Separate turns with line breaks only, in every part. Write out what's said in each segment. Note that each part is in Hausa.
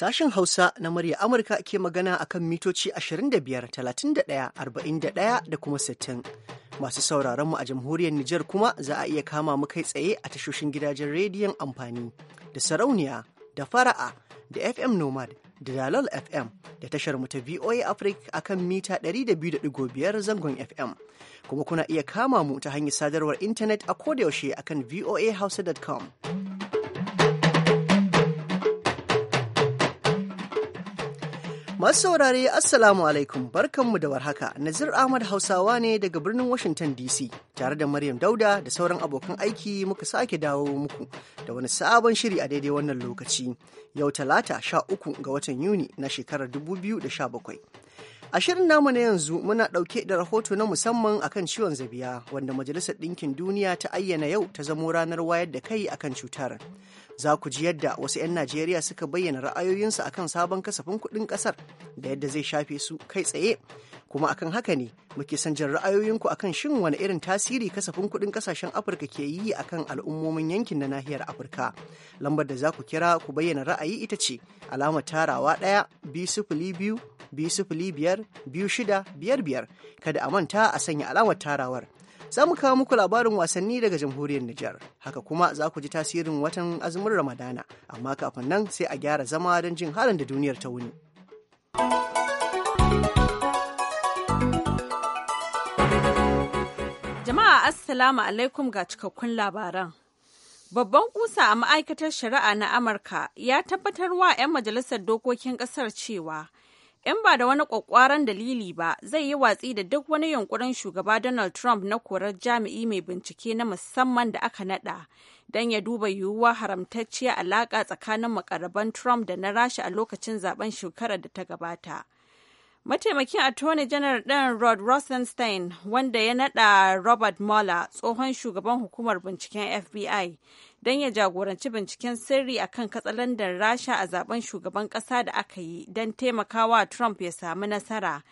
Sashen Hausa na murya Amurka ke magana a kan mitoci 25, 31, 41 da kuma 60. Masu sauraron mu a jamhuriyar Nijar kuma za a iya kama mu kai tsaye a tashoshin gidajen rediyon amfani da sarauniya da fara'a da FM Nomad da Dalal FM da tashar mu ta VOA Africa akan mita 200.5 zangon FM. Kuma kuna iya kama mu ta hanyar sadarwar intanet a kodayaushe akan voahausa.com. Masu saurare Assalamu alaikum barkanmu da warhaka Nazir Ahmad Hausawa ne daga birnin Washington DC tare da Maryam Dauda da sauran abokan aiki muka sake dawo muku da wani sabon shiri a daidai wannan lokaci yau talata sha uku ga watan Yuni na shekarar 2017. A shirin namu na yanzu muna ɗauke da rahoto na musamman akan ciwon zabiya wanda Majalisar Ɗinkin Duniya ta ayyana yau ta zamo ranar wayar da kai akan cutar. za ku ji yadda wasu 'yan Najeriya suka bayyana ra'ayoyinsu akan sabon kasafin kuɗin ƙasar da yadda zai shafe su kai tsaye. Kuma akan haka ne muke son jin ra'ayoyinku akan shin wani irin tasiri kasafin kuɗin ƙasashen Afirka ke yi akan al'ummomin yankin na nahiyar Afirka. Lambar da za ku kira ku bayyana ra'ayi ita ce alamar tarawa ɗaya biyu sifili biyu bi sifili biyar biyu shida biyar biyar kada a manta a sanya alamar tarawar. Za mu kawo muku labarin wasanni daga jamhuriyar Nijar. Haka kuma za ku ji tasirin watan azumin Ramadana, amma kafin nan sai a gyara zama don jin halin da duniyar ta wuni.
Jama'a Assalamu alaikum ga cikakkun labaran. Babban kusa a ma'aikatar shari'a na Amurka ya tabbatar wa 'yan majalisar dokokin ƙasar cewa in ba da wani kwakwaran dalili ba zai yi watsi da duk wani yunkurin shugaba donald trump na korar jami'i mai bincike na musamman da aka nada don ya duba yiwuwa haramtacciya alaka tsakanin makaraban trump da na rasha a lokacin zaben shekarar da ta gabata mataimakin attorney general din rod rosenstein wanda ya nada robert mueller tsohon shugaban hukumar binciken fbi don ya jagoranci binciken sirri a kan katsalandan rasha a zaben shugaban kasa da aka yi don taimakawa trump ya samu nasara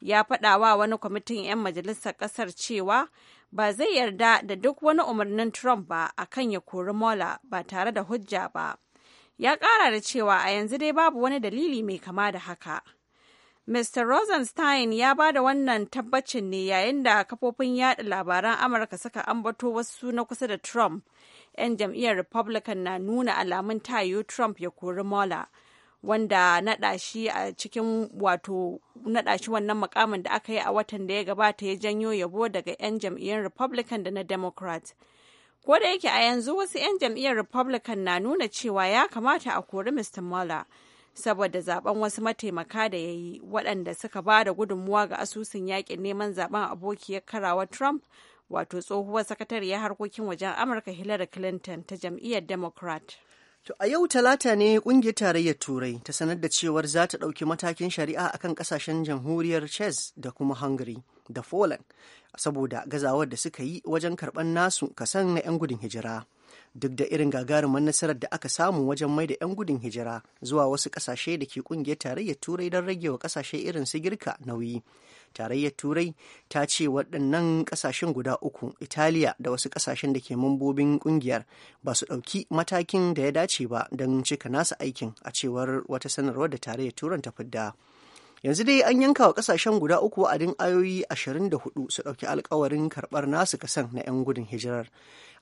ya faɗawa wani kwamitin 'yan majalisar ƙasar cewa ba zai yarda da duk wani umarnin trump ba akan ya kori mola ba tare da hujja ba ya ƙara da cewa a yanzu dai babu wani dalili mai kama da haka Mr. Rosenstein ya ba da wannan tabbacin ne yayin da kafofin yaɗa labaran Amurka suka ambato wasu na kusa da Trump 'yan jam'iyyar republican na nuna alamun tayo trump ya kori mola wanda naɗa shi cikin wato shi wannan mukamin da aka yi a watan da ya gabata ya janyo yabo daga 'yan jam'iyyar republican da na democrat ko da yake a yanzu wasu 'yan jam'iyyar republican na nuna cewa ya kamata a kori mr mola saboda zaben wasu mataimaka da ya yi waɗanda suka ba da gudunmuwa ga asusun yaƙin neman zaben abokiyar karawa trump wato tsohuwar sakatariyar harkokin wajen amurka hillary clinton ta jam'iyyar democrat
To a yau talata ne kungiyar tarayyar turai ta sanar da cewar za ta ɗauki matakin shari'a akan ƙasashen jamhuriyar Czech da kuma Hungary da Poland saboda gazawar da suka yi wajen karɓar nasu kasan na 'yan gudun hijira. Duk da irin gagarumin nasarar da aka samu wajen mai da 'yan gudun hijira zuwa wasu ƙasashe da ke kungiyar tarayyar turai don rage wa ƙasashe irin su girka nauyi. tarayyar turai ta ce waɗannan ƙasashen guda uku italiya da wasu ƙasashen da ke mambobin ƙungiyar ba su ɗauki matakin da ya dace ba don cika nasa aikin a cewar wata sanarwar da tarayyar turan ta fidda yanzu dai an yanka wa ƙasashen guda uku wa'adin ayoyi 24 su ɗauki alkawarin karɓar nasu kasan na 'yan gudun hijirar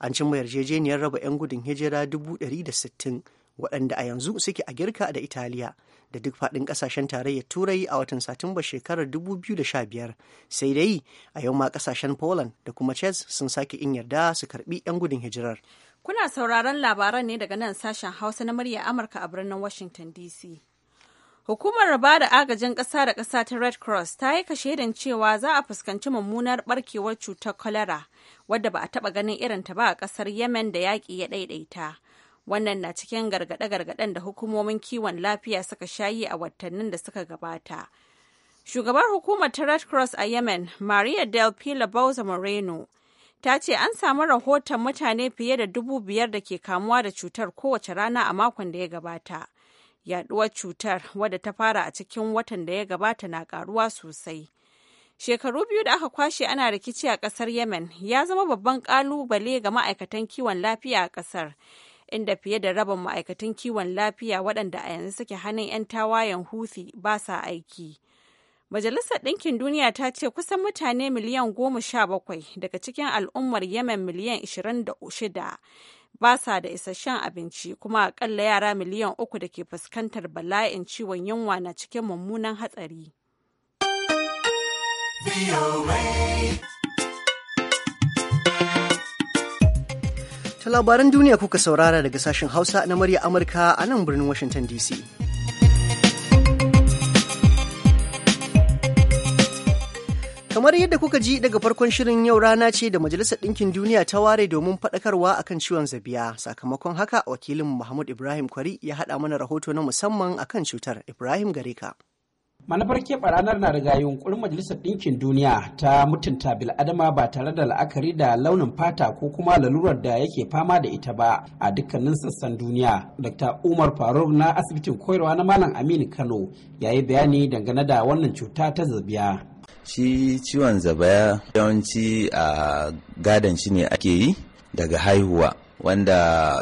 an cimma yarjejeniyar raba 'yan gudun hijira 160 waɗanda a yanzu suke a girka da italiya da duk faɗin ƙasashen tarayyar turai a watan satumba shekarar 2015 sai dai a yau ma ƙasashen poland da kuma ches sun sake in yarda su karbi 'yan gudun hijirar
kuna sauraron labaran ne daga nan sashen hausa na murya amurka a birnin washington dc Hukumar ba da agajin ƙasa da ƙasa ta Red Cross ta yi kashe kashedin cewa za a fuskanci mummunar barkewar cutar cholera wadda ba a taɓa ganin irinta ba a ƙasar Yemen da yaƙi ya ɗaiɗaita. wannan na cikin gargaɗe-gargaɗen da hukumomin kiwon lafiya suka shayi a watannin da suka gabata shugabar hukumar ta red cross a yemen maria del pila bauza moreno ta ce an samu rahoton mutane fiye da dubu biyar da ke kamuwa da cutar kowace rana a makon da ya gabata Yaɗuwar cutar wadda ta fara a cikin watan da ya gabata na ƙaruwa sosai shekaru biyu da aka kwashe ana rikici a ƙasar yemen ya zama babban ƙalubale ga ma'aikatan kiwon lafiya a ƙasar. inda fiye da rabin ma'aikatan kiwon lafiya waɗanda a yanzu suke hannun 'yan tawayen Huthi ba sa aiki. Majalisar Ɗinkin Duniya ta ce kusan mutane miliyan goma sha bakwai daga cikin al'ummar Yemen miliyan ishirin da shida ba sa da isasshen abinci kuma akalla yara miliyan uku da ke fuskantar bala'in ciwon yunwa na cikin mummunan hatsari.
Ta labaran duniya kuka saurara daga sashen Hausa na murya Amurka a nan birnin Washington DC. Kamar yadda kuka ji daga farkon shirin yau rana ce da Majalisar Ɗinkin Duniya ta ware domin faɗakarwa akan ciwon zabiya. Sakamakon haka wakilin Muhammad Ibrahim Kwari ya haɗa mana rahoto na musamman akan cutar Ibrahim Gareka. manufar
keɓe ranar na daga yunkurin majalisar ɗinkin duniya ta mutunta bil'adama ba tare da la'akari da launin fata ko kuma lalurar da yake fama da ita ba a dukkanin sassan duniya dr umar faruk na asibitin koyarwa na malam aminu kano yayi bayani dangane da wannan cuta ta zabiya
shi ciwon zabaya yawanci a gadon shi ne ake yi daga haihuwa wanda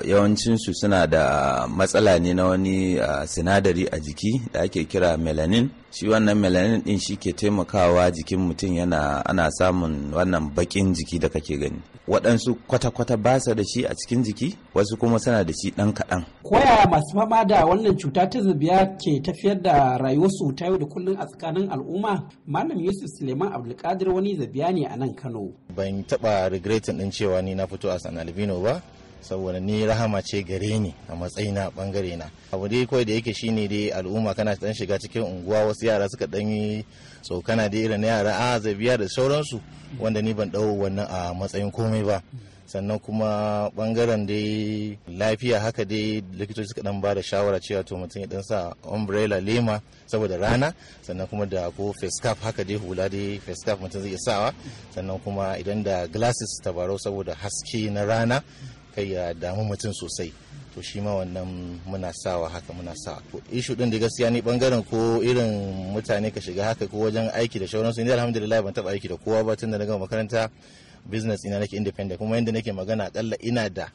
yawancinsu suna da matsala ne na wani sinadari a jiki da ake kira melanin shi wannan melanin din shi ke taimakawa jikin mutum yana ana samun wannan bakin jiki da kake gani waɗansu kwata-kwata ba su da shi a cikin jiki wasu kuma suna da shi ɗan kaɗan
koya masu fama da wannan cuta ta zubiya ke tafiyar da rayuwarsu ta yau da kullum a tsakanin al'umma malam yusuf suleiman abdulkadir wani zabiya ne a nan kano
ban taɓa regretin ɗin cewa ni na fito a san albino ba saboda ni rahama ce gare ni a matsayina bangare na abu dai kawai da yake shine dai al'umma kana dan shiga cikin unguwa wasu yara suka dan yi tsokana dai irin yara a ah, zai biya da sauransu wanda ni ban dau wannan a matsayin komai ba sannan kuma bangaren dai lafiya haka dai likitoci suka dan ba da shawara cewa to mutum ya dan sa umbrella lema saboda rana sannan kuma da ko face cap haka dai hula dai face cap mutum zai sawa sannan kuma idan da glasses tabarau saboda haske na rana kai ya damu mutum sosai to shi ma wannan muna sawa haka muna sawa to ishu din da gaskiya ni bangaren ko irin mutane ka shiga haka ko wajen aiki da shauransu ni alhamdulillah ban taba aiki da kowa ba tun da na gama makaranta business ina nake independent kuma yanda nake magana kalla ina da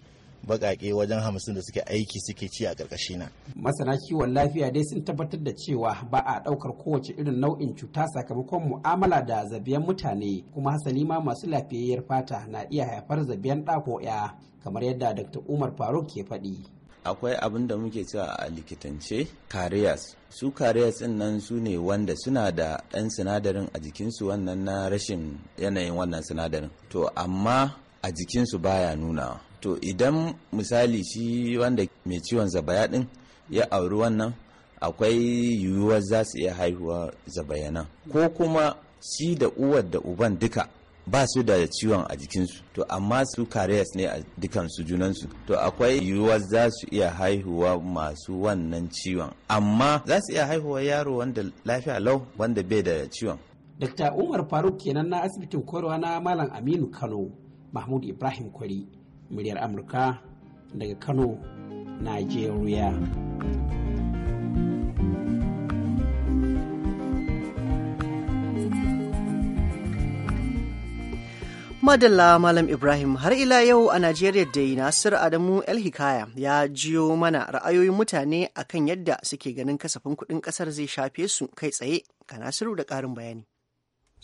bakake wajen hamsin da suke aiki suke ci a karkashi na.
Masana kiwon lafiya dai sun tabbatar da cewa ba a daukar kowace irin nau'in cuta sakamakon mu'amala da zabiyan mutane kuma hasali ma masu lafiyayyar fata na iya haifar zabiyan dako 'ya. kamar yadda dr umar faruk ke faɗi
akwai abin da muke cewa a likitance carriers su carriers ɗin nan su ne wanda suna da ɗan sinadarin a jikinsu wannan na rashin yanayin wannan sinadarin to amma a jikinsu baya nuna to idan misali shi wanda mai ciwon zabaya ɗin ya auri wannan akwai yiwuwar za su iya haihuwa zabayanan ko kuma shi da uwar da uban duka ba su da ciwon a jikinsu to amma su kariyas ne a dukansu junansu to akwai yiwuwa za su iya haihuwa masu wannan ciwon amma za su iya haihuwa yaro wanda lafiya lau wanda bai da ciwon
Dr. Umar Faruk kenan na asibitin koyarwa na Malam Aminu Kano, Mahmud Ibrahim Kwari, muryar Amurka daga Kano, Najeriya.
Madalla Malam Ibrahim har ila yau a Najeriya yi Nasir Adamu El Hikaya ya jiyo mana ra'ayoyin mutane akan yadda suke ganin kasafin kudin kasar zai shafe su kai tsaye ga
Nasiru da karin bayani.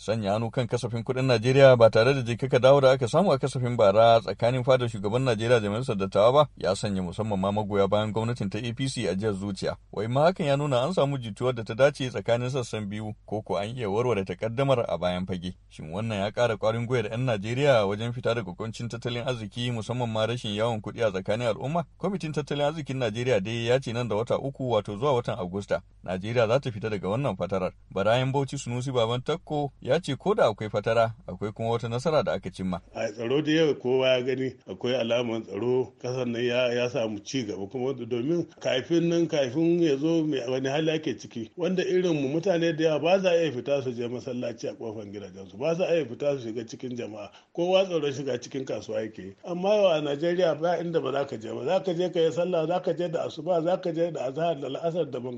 sanya hannu kan kasafin kuɗin Najeriya ba tare da jikaka dawo da aka samu a kasafin bara tsakanin fadar shugaban Najeriya da ministan dattawa ba ya sanya musamman ma magoya bayan gwamnatin ta APC a jiyar zuciya. Wai ma hakan ya nuna an samu jituwar da ta dace tsakanin sassan biyu ko ko an iya warware takaddamar a bayan fage. Shin wannan ya ƙara ƙwarin gwiwar 'yan Najeriya wajen fita da kuncin tattalin arziki musamman ma rashin yawon kuɗi a tsakanin al'umma? Kwamitin tattalin arzikin Najeriya dai ya ce nan da wata uku wato zuwa watan Agusta. Najeriya za ta fita daga wannan fatarar. Barayin Bauchi Sunusi Baban Takko ya ce ko da akwai fatara akwai kuma wata nasara da aka cimma.
A tsaro da yau kowa ya gani akwai alamar tsaro kasar nan ya samu ci gaba kuma domin kafin nan kafin ya zo wani hali ake ciki wanda irin mu mutane da yawa ba za a iya fita su je masallaci a gidajen su ba za a iya fita su shiga cikin jama'a kowa tsaro shiga cikin kasuwa yake amma yau a Najeriya ba inda ba za ka je ba za ka je ka yi sallah za ka je da asuba za ka je da azahar da la'asar da ba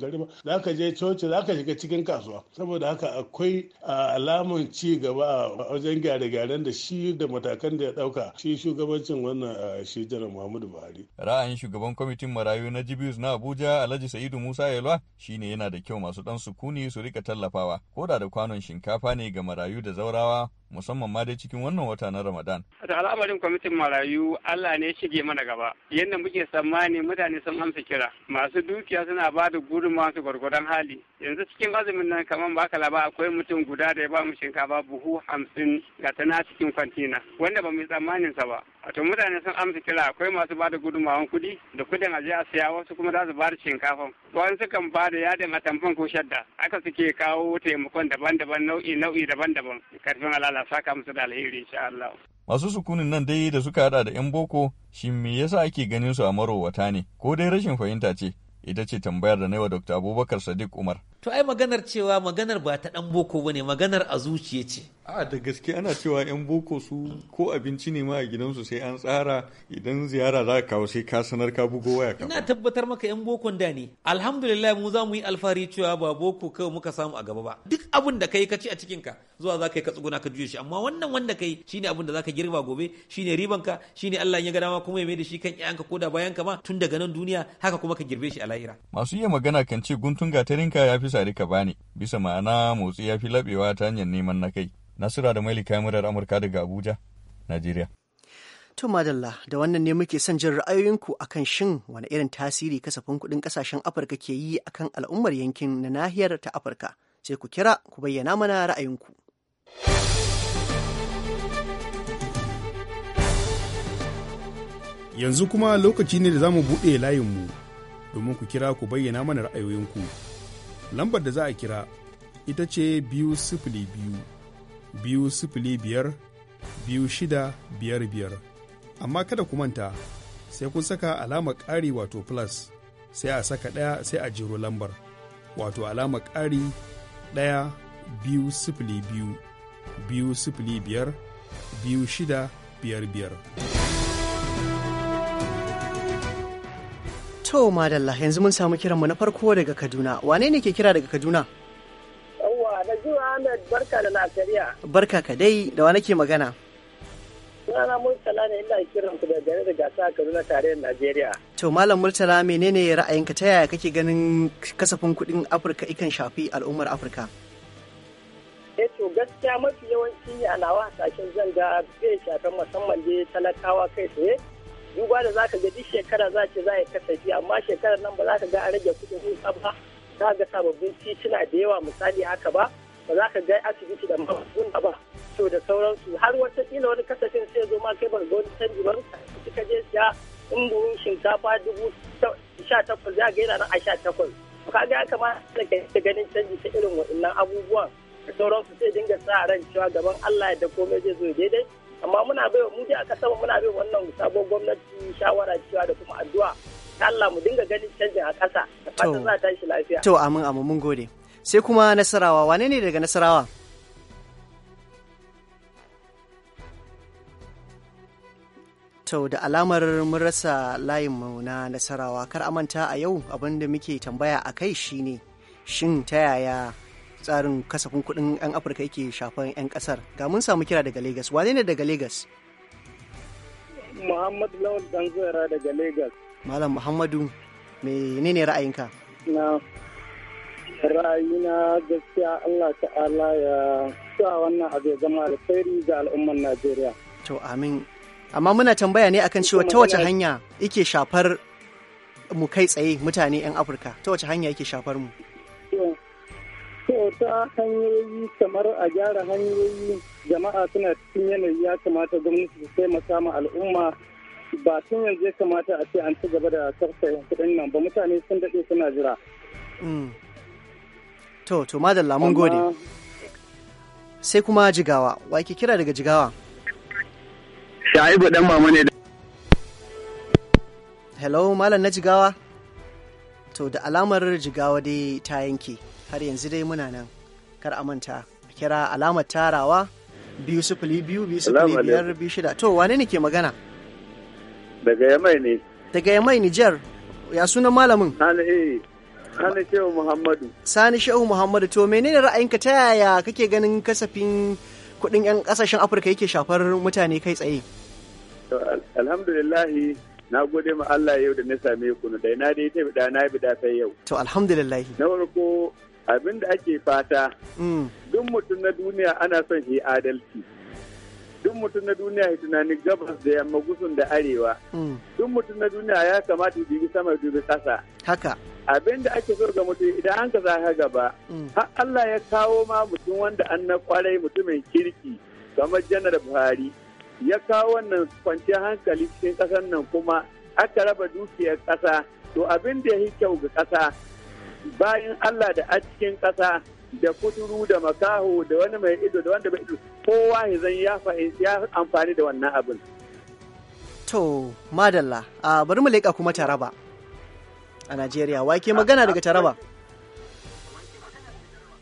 za ka je coci za ka shiga cikin kasuwa saboda haka akwai alama samun ci gaba a wajen gyare-gyaren da shi da matakan da ya dauka shi shugabancin wannan a janar Muhammadu Buhari.
Ra'ayin shugaban kwamitin marayu na Jibius na Abuja Alhaji Sa'idu Musa Yalwa shine yana da kyau masu dan sukuni su rika tallafawa ko da da kwanon shinkafa ne ga marayu da zaurawa musamman ma dai cikin wannan wata na Ramadan.
Da al'amarin kwamitin marayu Allah ne shige mana gaba. Yadda muke tsammani mutane sun amsa kira. Masu dukiya suna ba da gudunmawa su gwargwadon hali. Yanzu cikin azumin nan kamar baka laba akwai mutum guda da ya ba ba shinkafa buhu hamsin ga ta na cikin kwantina wanda ba mu tsammanin sa ba wato mutane sun amsa kira akwai masu bada gudunmawan kuɗi da kuɗin aje a siya wasu kuma za su bada shinkafa wani sukan bada yadin tamfan ko shadda aka suke kawo taimakon daban-daban nau'i nau'i daban-daban karfin alala saka musu da alheri insha Allah
masu sukunin nan dai da suka hada da yan boko shin me yasa ake ganin su a marowata ne ko dai rashin fahimta ce Ita ce tambayar da na yi wa Dr. Abubakar Sadiq Umar.
To ai maganar
cewa maganar ba ta ɗan boko ba ne maganar a zuciya ce. a da gaske ana cewa 'yan boko su ko abinci ne ma a gidansu sai an tsara idan ziyara za ka kawo sai ka sanar ka bugo waya ina tabbatar
maka 'yan bokon da ne
alhamdulillah mu za mu yi
alfahari cewa ba boko kawai muka
samu a gaba ba duk
abin da kai ka ci a cikin ka zuwa za ka yi ka tsuguna ka juye shi amma wannan wanda kai shine abin da za ka girba gobe shine riban ka shine Allah ya ga dama kuma ya mai da shi kan 'ya'yanka ko da bayan ka ma tun daga nan duniya haka kuma ka girbe shi a lahira
masu iya magana kan ce guntun gatarinka ya fi sari ka bani bisa ma'ana motsi ya fi labewa ta hanyar neman na kai Nasura da maili murar Amurka daga Abuja, Najeriya.
To madalla da wannan ne muke son jin ra'ayoyinku akan shin wani irin tasiri kasafin kuɗin ƙasashen Afirka ke yi akan al'ummar yankin na nahiyar ta Afirka. Sai ku kira ku bayyana mana ra'ayinku.
Yanzu kuma lokaci ne da zamu mu buɗe layinmu domin ku kira ku bayyana mana ra'ayoyinku. Lambar da za a kira ita ce biyu sifili biyu biyu sifili biyar biyu shida biyar biyar amma kada ku manta sai kun saka alama ƙari wato plus sai a saka ɗaya sai a jiro lambar wato alama ƙari ɗaya biyu sifili biyu biyu sifili biyar biyu shida
biyar biyar.
To madalla yanzu mun samu kiranmu na farko daga Kaduna wane ne ke kira daga Kaduna?
Aliyu Ahmed barka da najeriya
Barka ka dai da wa ke magana.
Sunana Murtala ne ina kiran ku da gari da gasa Kaduna tarayyar Najeriya.
To Malam Murtala menene ra'ayinka ta yaya kake ganin kasafin kuɗin Afirka ikan shafi al'ummar Afirka?
Eh to gaskiya mafi yawanci a nawa hasashen zanga zai shafi musamman dai talakawa kai tsaye. Duba da za ka ga duk shekara za ce za a kasafi amma shekarar nan ba za ka ga a rage kuɗin ba. za ga sababbin tituna da yawa misali haka ba ba za ka ga asibiti da magunguna ba to da sauransu har wata kila wani kasafin sai zo ma kai ba ga canji ba ka je siya in buhun shinkafa dubu sha takwas za ga yana nan a sha takwas ka ga ya kamata ka ganin canji ta irin waɗannan abubuwan da sauransu sai dinga sa ran cewa gaban Allah da komai zai zo daidai amma muna bai mu je a kasa muna bai wannan sabon gwamnati shawara cewa da kuma addu'a Allah mu dinga ganin canjin a kasa da fatan za ta shi lafiya to
amin amin mun gode sai kuma nasarawa wane ne daga nasarawa Tau da alamar mun rasa mu na nasarawa kar amanta a yau abin da muke tambaya a kai shine shin ta yaya tsarin kasafin kuɗin 'yan afirka yake shafan 'yan ƙasar ga mun samu kira daga lagos wane ne daga lagos
muhammadu lawal danzera daga lagos
malam muhammadu menene ra'ayinka
na rayuna gaskiya Allah ta'ala ya sa wannan abu ya zama alkhairi ga al'umman Najeriya.
To amin. Amma muna tambaya ne akan cewa ta wace hanya yake shafar mu kai tsaye mutane 'yan Afirka ta wace hanya yake shafar mu?
To ta hanyoyi kamar a gyara hanyoyi jama'a suna cikin yanayi ya kamata gwamnati su taimaka ma al'umma ba tun yanzu ya kamata a ce an ci gaba da sarsa kuɗin nan ba mutane sun daɗe suna jira.
Mm. to to madalla mun gode sai kuma jigawa wa ke kira daga jigawa
sha'ibu dan mama ne da
hello malam na jigawa to da alamar jigawa dai ta yanke har yanzu dai muna nan kar a manta kira alamar tarawa biyu sifili biyu biyu sifili biyar biyu shida to wane ne ke magana
daga yamai ne
daga yamai nijar ya sunan malamin
Sani Shehu Muhammadu.
Sani Shehu Muhammadu to menene ra'ayinka ta yaya kake ganin kasafin kuɗin 'yan ƙasashen Afirka yake shafar mutane kai tsaye?
Alhamdulillahi na gode ma Allah yau da na same ku na dai na dai ta bida na bida ta yau.
To alhamdulillahi.
Na farko abin da ake fata mm. duk mutum na duniya ana son shi adalci. duk mutum na duniya ya tunani gabas da yamma gusun da arewa mm. duk mutum na duniya ya kamata ya dubi sama dubi ƙasa haka abin da ake so ga mutum idan an ka zaka gaba mm. har Allah ya kawo ma mutum wanda an na kwarai mutumin kirki kamar janar buhari ya kawo wannan kwanciyar hankali cikin ƙasar nan kuma aka raba dukiyar ƙasa to abin da ya yi kyau ga ƙasa bayan Allah da a cikin ƙasa da kuturu da makaho da wani mai ido da wanda mai ido kowa ya zan ya amfani da wannan abin.
To, madalla, bari mu leƙa kuma taraba. a Najeriya. Wa ke magana daga Taraba?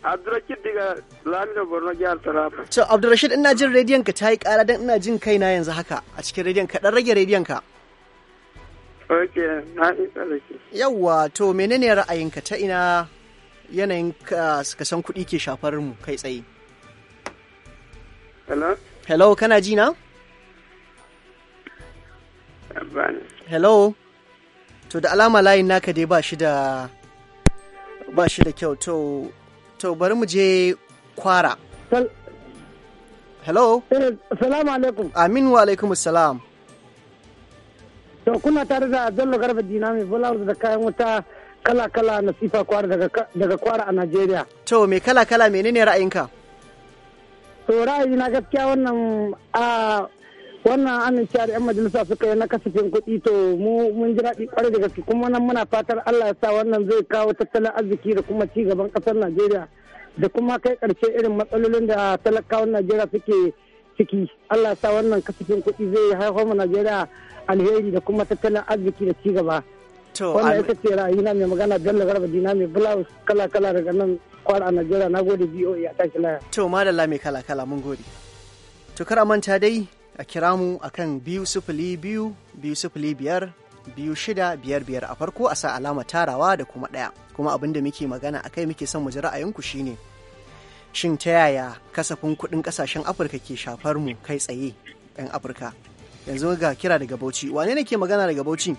Abdurrashid daga
Lamina Borno jihar Taraba.
To Abdurrashid ina jin rediyon ka tayi kara dan ina jin kaina yanzu haka a cikin rediyon ka dan rage rediyon ka.
Okay, na yi tsarki.
Yawwa, to menene ra'ayinka ta ina yanayin ka san kuɗi ke shafar mu kai tsaye? Hello? Hello, kana ji na? Hello? to da alama layin naka dai ba shi da ba shi da kyau to to bari mu je kwara hello eh, salamu alaikum amin wa alaikum salam to kuna tare da bello garba dinami bulawus da kayan wuta kala-kala na sifa kwara daga kwara a Najeriya. To me kala-kala menene ra'ayinka? To ra'ayi na gaskiya wannan a ah, wannan
amincewa da 'yan majalisa suka yi na kasafin kuɗi to mu mun ji daɗi kwarai da gaske kuma nan muna fatar Allah ya sa wannan zai kawo tattalin arziki da kuma ci gaban ƙasar Najeriya da kuma kai ƙarshe irin matsalolin da talakawan Najeriya suke ciki Allah ya sa wannan kasafin kuɗi zai haifar mu Najeriya alheri da kuma tattalin arziki da ci gaba. To, wannan ita ce
ra'ayina mai magana Bello Garba Dina mai blouse kala-kala daga nan kwara a Najeriya na gode BOA a tashi laya. To, madalla mai kala-kala mun gode. To, kar manta dai a kira mu a kan biyu sifili biyu biyu sifili biyar biyu shida biyar biyar a farko a sa alama tarawa da kuma ɗaya kuma abin da muke magana a kai muke son mu ji ra'ayinku shine shin ta yaya kasafin kuɗin ƙasashen afirka ke shafar mu kai tsaye 'yan afirka yanzu ga kira daga bauchi wane ne ke magana daga bauchi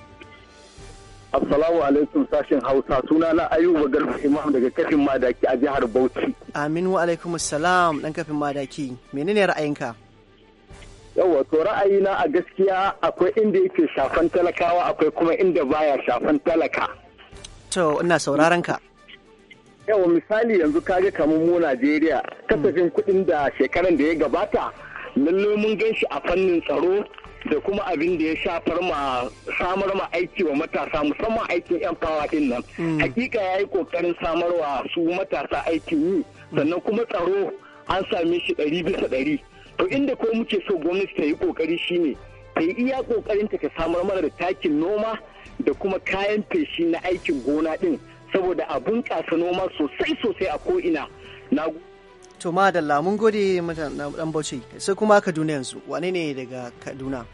Assalamu alaikum sashen Hausa suna na Ayuba Garba Imam daga kafin madaki a jihar Bauchi.
Amin wa alaikum salam dan kafin madaki menene ra'ayinka?
yawwa to na a gaskiya akwai inda yake shafan talakawa akwai kuma inda baya shafan talaka
to ina sauraron ka
yawa misali yanzu kaga kamar mu Najeriya kasafin kuɗin da shekaran da ya gabata lallai mun gan shi a fannin tsaro da kuma abin da ya shafar ma samar ma aiki wa matasa musamman aikin yan fawa din nan mm. hakika yayi yi kokarin samarwa su matasa aikin yi sannan kuma tsaro an same shi ɗari bisa ɗari to inda ko muke so gwamnati ta yi kokari shine
ta yi iya kokarinta ta samar mana da takin noma da kuma kayan feshi na aikin gona din saboda a bunƙasa noma sosai sosai a ko'ina na
to ma da lamun gode dan bauchi sai kuma kaduna yanzu wane ne daga kaduna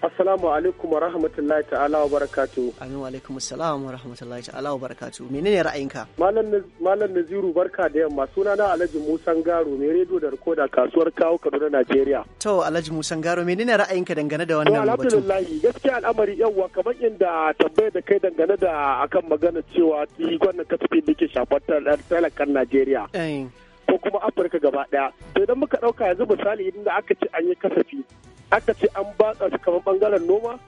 Assalamu alaikum wa rahmatullahi ta'ala wa barakatu. Amin wa alaikum
assalam wa rahmatullahi ta'ala wa barakatu. Menene ra'ayinka?
Malam Naziru barka da yamma. suna na Alhaji Musan Garo mai rediyo da rikoda kasuwar kawo Kaduna Najeriya.
To Alhaji Musan Garo menene ra'ayinka dangane da wannan batu?
Alhamdulillah gaskiya al'amari yawa kamar inda tambayar da kai dangane da akan magana cewa gwamnatin kasafin tafi da ke shafar talakan Najeriya. Eh. Ko kuma Afirka gaba ɗaya. To idan muka ɗauka yanzu misali idan aka ce an yi kasafi aka ce an ba su kamar bangaren noma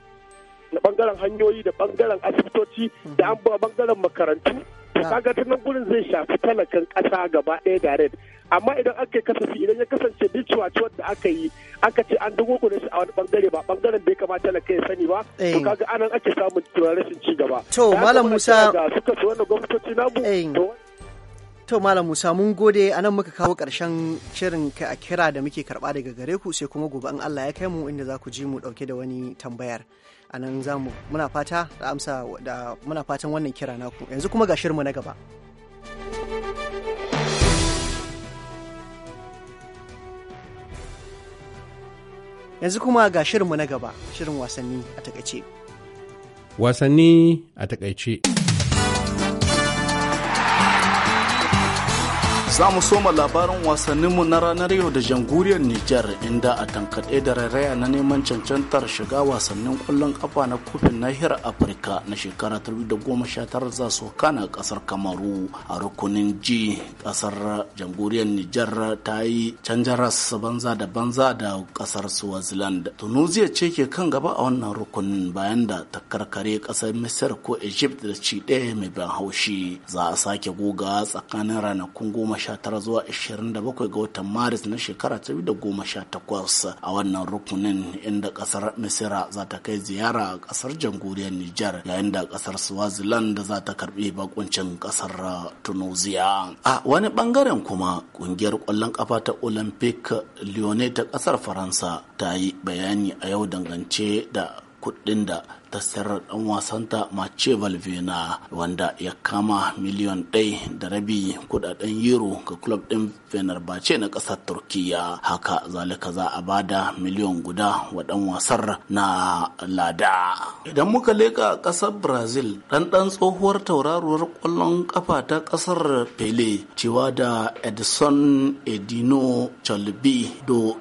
da bangaren hanyoyi da bangaren asibitoci da an ba bangaren makarantu to kaga ta nan gurin zai shafi talakan kasa gaba ɗaya red amma idan aka yi kasafi idan ya kasance duk ciwaciwar da aka yi aka ce an dogo shi a wani bangare ba bangaren da ya kamata na ya sani ba to kaga anan ake samun rashin ci gaba to malam
musa suka ci wannan gwamnatoci namu to To Malam Musa mun gode a nan muka kawo ƙarshen shirin a kira da muke karɓa daga gare ku sai kuma gobe in Allah ya kai mu inda za ku ji mu ɗauke da wani tambayar. A nan za mu muna fata da amsa da muna fatan wannan kira naku yanzu kuma ga shirinmu na gaba. Yanzu kuma ga shirinmu na gaba shirin wasanni a takaice.
Wasanni a takaice.
Za mu soma
labarin wasanninmu na ranar yau da jamhuriyar Nijar inda a tankaɗe da rairaya na neman cancantar shiga wasannin ƙwallon ƙafa na kofin nahiyar Afirka na shekara 2019 za su kana ƙasar Kamaru a rukunin G ƙasar jamhuriyar Nijar ta yi canjaras banza da banza da ƙasar Swaziland. Tunisia ce ke kan gaba a wannan rukunin bayan da ta karkare ƙasar Misir ko Egypt da ci ɗaya mai ban haushi za a sake goga tsakanin ranakun goma 19 zuwa 27 ga watan maris na shekara ta goma sha takwas a wannan rukunin inda kasar misira za ta kai ziyara a kasar jamhuriyar nijar yayin da kasar swaziland za ta karbi bakuncin kasar tunisia a wani bangaren kuma kungiyar kwallon kafa ta olympic lyonnais ta kasar faransa ta yi bayani a yau dangance da kuɗin da sayar dan wasanta Mace Valvena wanda ya kama miliyon ɗai da rabi kudaden euro ga club ɗin Fenerbahce na ƙasar Turkiya. Haka zalika za a bada miliyon guda wa dan wasar na lada. Idan muka leka ƙasar Brazil ɗanɗan tsohuwar tauraruwar ƙwallon ƙafa ta ƙasar Pele cewa da Edson Edino Chalbi do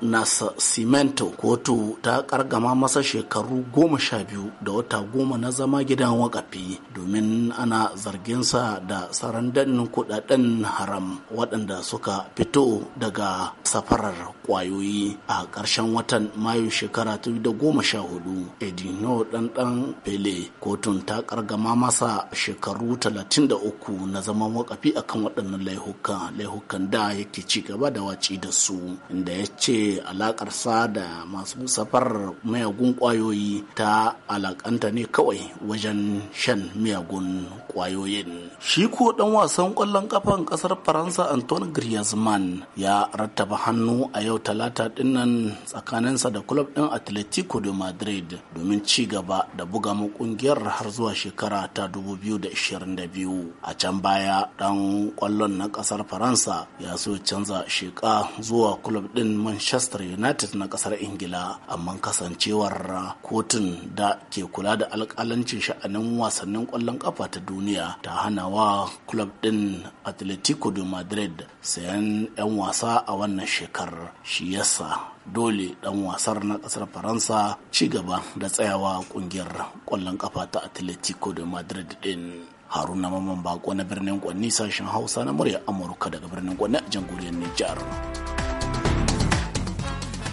Cimento kotu ta ƙargama masa shekaru goma sha biyu da wata goma na zama gidan wakafi domin ana zarginsa da sarandan kudaden haram waɗanda suka fito daga safarar kwayoyi a ƙarshen watan mayu shekara ta da goma sha hudu edino ɗanɗan pele kotun ta ƙargama masa shekaru talatin da uku na zaman wakafi akan waɗannan laihuka laihukan da yake ci gaba da waci da su inda ya ce alaƙarsa da masu safarar mayagun kwayoyi ta alaƙa ɗinta ne kawai wajen shan miyagun kwayoyin shi ko dan wasan kwallon kafan kasar faransa antoine griezmann ya rattaba hannu a yau talata dinnan tsakaninsa da kulob din atletico de madrid domin ci gaba da buga mu kungiyar har zuwa shekara ta 2022 a can baya dan kwallon na kasar faransa ya so canza sheka zuwa kulob din manchester united na kasar ingila amma kasancewar kotun da ke kula da alkalancin sha'anin wasannin kwallon kafa ta duniya duniya ta hana wa club din atletico de madrid sayan 'yan wasa a wannan shekarar shi yasa dole dan wasar na kasar faransa ci gaba da tsayawa kungiyar kwallon kafa ta atletico de madrid din haruna mamman bako na birnin kwanni sashen hausa na murya amurka daga birnin kwanni a jamhuriyar nijar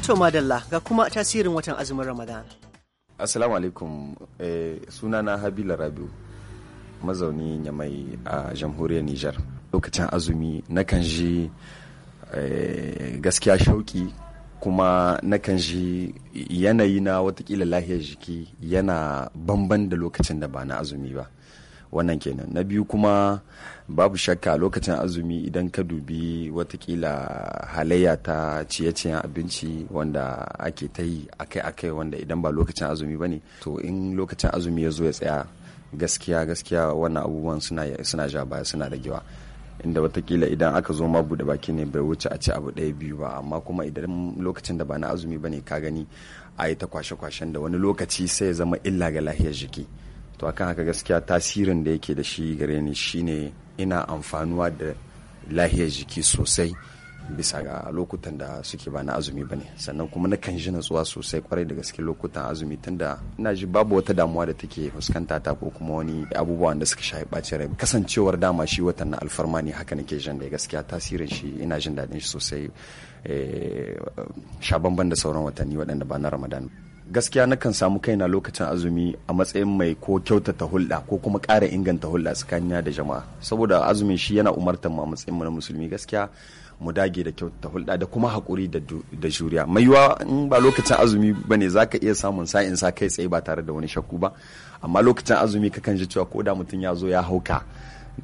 to madalla ga kuma tasirin watan azumin ramadan
assalamu alaikum eh, sunana habila rabiu mazauni ya mai a jamhuriyar Nijar. Lokacin azumi nakan ji eh, gaskiya shauki kuma nakan ji yanayi na watakila lahiyar jiki yana banban da lokacin da ba na azumi ba. wannan kenan na biyu kuma babu shakka lokacin azumi idan ka dubi watakila halayya ta ciye-ciyen abinci wanda ake ta yi akai-akai wanda idan ba lokacin azumi ba ne to in lokacin azumi ya zo ya tsaya gaskiya gaskiya wannan abubuwan suna suna ja baya suna ragewa inda watakila idan aka zo ma bude baki ne bai wuce a ci abu ɗaya biyu ba amma kuma idan lokacin da ba na azumi ba ne ka gani a yi ta kwashe-kwashen da wani lokaci sai ya zama illa ga lahiyar jiki to akan haka gaskiya tasirin da yake da shi gare ni shine ina amfanuwa da lahiyar jiki sosai bisa ga lokutan da suke ba na azumi ba ne sannan kuma nakan ji natsuwa sosai kwarai da gaske lokutan azumi tunda ina ji babu wata damuwa da take fuskanta ta ko kuma wani abubuwa da suka shafi ɓacin rai kasancewar dama shi watan na alfarma ne haka nake jin da gaskiya tasirin shi ina jin daɗin shi sosai eh, sha da sauran watanni waɗanda ba na ramadan gaskiya nakan samu kaina lokacin azumi a matsayin mai ko kyautata hulɗa ko kuma ƙara inganta hulɗa tsakanina da jama'a saboda azumin shi yana umartar ma matsayin mu musulmi gaskiya mu dage da kyau ta hulɗa da kuma haƙuri da juriya mai yiwuwa in ba lokacin azumi ba ne za ka iya samun sa'in sa kai tsaye ba tare da wani shakku ba amma lokacin azumi kakan ji cewa ko da mutum ya zo ya hauka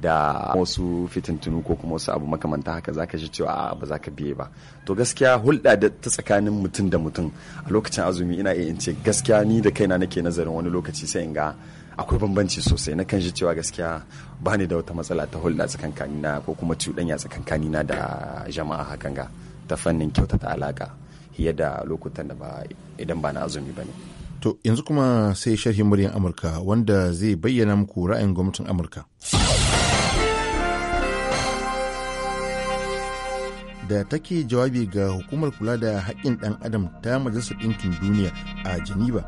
da wasu fitintunu ko kuma wasu abu makamanta haka za ka ji cewa ba za ka biye ba to gaskiya hulɗa da ta tsakanin mutum da mutum a lokacin azumi ina iya in ce gaskiya ni da kaina nake nazarin wani lokaci sai in ga akwai bambanci sosai na kan shi cewa gaskiya ba ni da wata matsala ta hulɗa tsakankani na ko kuma cuɗanya tsakankani na da jama'a hakan ga ta fannin kyautata alaƙa fiye da lokutan da ba idan ba na azumi ba
ne. To yanzu kuma sai sharhin muryar Amurka wanda zai bayyana muku ra'ayin gwamnatin Amurka. da take jawabi ga hukumar kula da haƙƙin ɗan adam ta majalisar ɗinkin duniya a geneva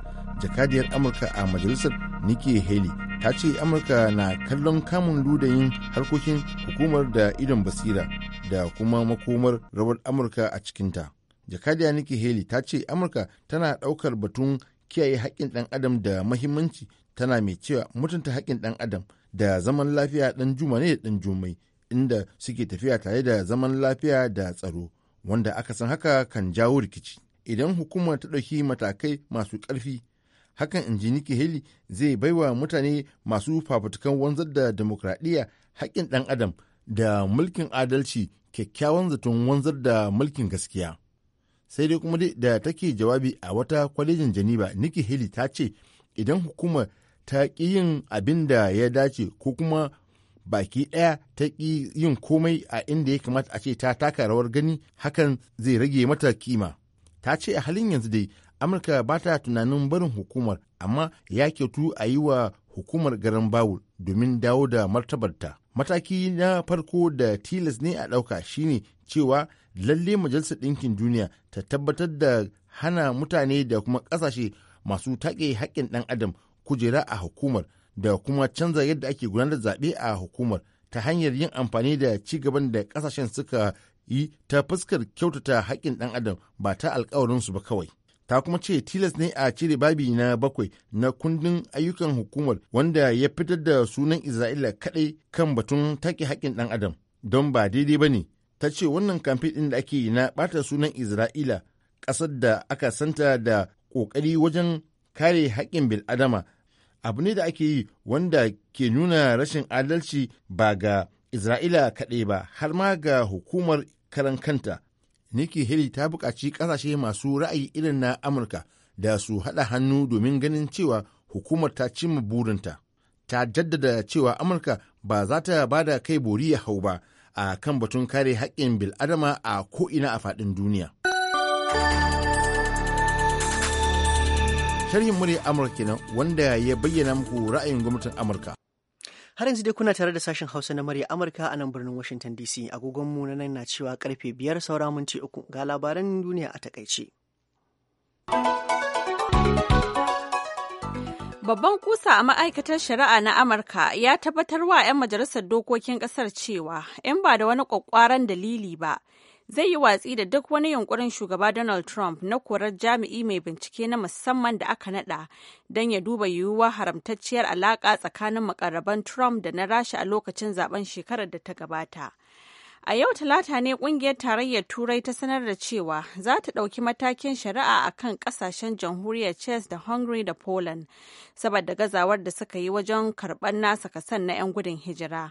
jakadiyar amurka a majalisar nikki haley ta ce amurka na kallon kamun ludayin harkokin hukumar da idon basira da kuma makomar rawar amurka a cikinta jakadiyar nikki haley ta ce amurka tana ɗaukar batun kiyaye haƙƙin ɗan adam da mahimmanci tana mai cewa mutunta haƙƙin ɗan adam da zaman lafiya ɗan juma ne da ɗan jumai inda suke tafiya tare da zaman lafiya da tsaro wanda aka san haka kan jawo rikici idan hukumar ta ɗauki matakai masu ƙarfi hakan inji Nikki Haley zai baiwa mutane masu fafutukan wanzar da demokradiyya haƙƙin ɗan adam da mulkin adalci kyakkyawan zaton wanzar da mulkin gaskiya. Sai dai kuma da take jawabi a wata kwalejin Geneva, Nikki Haley ta ce idan hukumar ta ƙi yin abin da ya dace ko kuma baki ɗaya ta ƙi yin komai a inda ya kamata a ce ta taka rawar gani hakan zai rage mata kima. Ta ce a halin yanzu dai amurka ba ta tunanin barin hukumar amma ya kyautu a yi wa hukumar garin bawul domin dawo da martabarta mataki na farko da tilas ne a ɗauka shine cewa lalle majalisar ɗinkin duniya ta tabbatar da hana mutane da kuma ƙasashe masu taƙe haƙƙin ɗan adam kujera a hukumar da kuma canza yadda ake gudanar zaɓe a hukumar ta hanyar yin amfani da ci gaban da ƙasashen suka yi ta fuskar kyautata haƙƙin ɗan adam ba ta alkawarinsu ba kawai. ta kuma ce tilas ne a cire babi na bakwai na kundin ayyukan hukumar wanda ya fitar da sunan isra'ila kadai kan batun take haƙƙin ɗan adam don ba daidai ba ne ta ce wannan kamfe ɗin da ake na ɓata sunan isra'ila ƙasar da aka santa da ƙoƙari wajen kare haƙƙin bil'adama abu ne da ake yi wanda ke nuna rashin adalci ba ga isra'ila kaɗai ba har ma ga hukumar karan kanta Nikki Haley ta buƙaci ƙasashe masu ra'ayi irin na Amurka da su haɗa hannu domin ganin cewa hukumar ta cimma burinta. Ta jaddada cewa Amurka ba za ta ba da kai bori ya hau ba a kan batun kare haƙƙin bil'adama a ko'ina a faɗin duniya. Sharhin murya Amurka kenan wanda ya bayyana muku ra'ayin gwamnatin Amurka.
Har yanzu dai kuna tare da sashen Hausa na murya Amurka a nan birnin Washington DC. Agogon mu na nan na cewa karfe biyar saura minti uku ga labaran duniya a takaice.
Babban kusa a ma'aikatar shari'a na Amurka ya tabbatar wa 'yan majalisar dokokin kasar cewa 'yan ba da wani kwakwaran dalili ba, zai yi watsi da duk wani yunkurin shugaba Donald Trump na korar jami'i mai bincike na musamman da aka nada don ya duba yiwuwar haramtacciyar alaka tsakanin makarraban Trump da na rasha a lokacin zaben shekarar da ta gabata. A yau Talata ne kungiyar tarayyar Turai ta sanar da cewa za ta ɗauki matakin shari'a a kan ƙasashen jamhuriyar chess da Hungary da Poland, saboda gazawar da suka yi wajen karɓar nasa kasan na 'yan gudun hijira.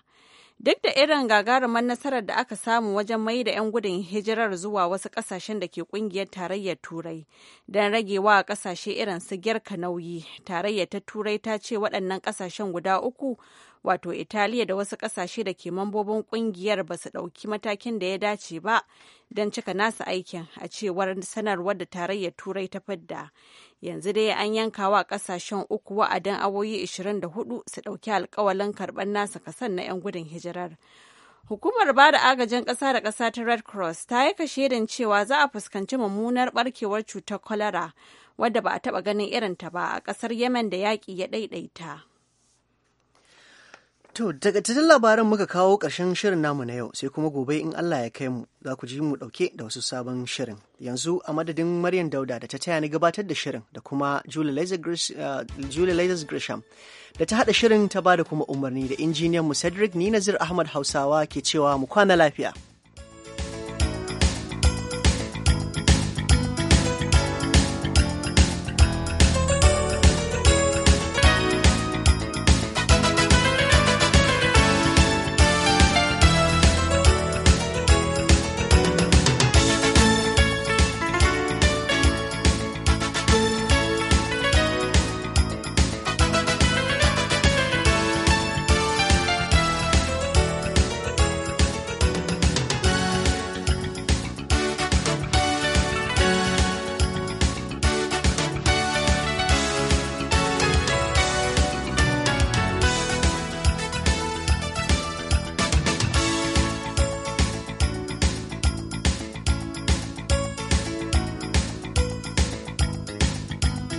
Duk da irin gagarumar nasarar da aka samu wajen mai da 'yan gudun hijirar zuwa wasu kasashen da ke kungiyar tarayyar Turai don ragewa a kasashe irin su girka nauyi, tarayyar ta Turai ta ce waɗannan kasashen guda uku wato Italiya da wasu kasashe da ke mambobin kungiyar ba su ɗauki matakin da ya dace ba don cika nasu aikin a cewar sanarwar da tarayyar Turai ta fidda. yanzu dai an yanka wa kasashen uku wa'adin awoyi 24 su ɗauki alkawalin karɓar nasa kasan na 'yan gudun hijirar. Hukumar ba da agajin ƙasa da ƙasa ta Red Cross ta yi kashedin cewa za a fuskanci mummunar barkewar cutar kwalara wadda ba a taɓa ganin irinta ba a ƙasar Yemen da yaƙi ya ɗaiɗaita.
To,
takaitattun labaran muka kawo ƙarshen shirin namu na yau, sai kuma gobe in Allah ya kai mu, za ku ji mu ɗauke da wasu sabon shirin. Yanzu a madadin Maryam Dauda da ta taya ni gabatar da shirin da kuma Julie Lazarus uh, Grisham da ta haɗa shirin ta bada kuma umarni da injiniyan mu Cedric ni Nazir Ahmad Hausawa ke cewa mu kwana lafiya.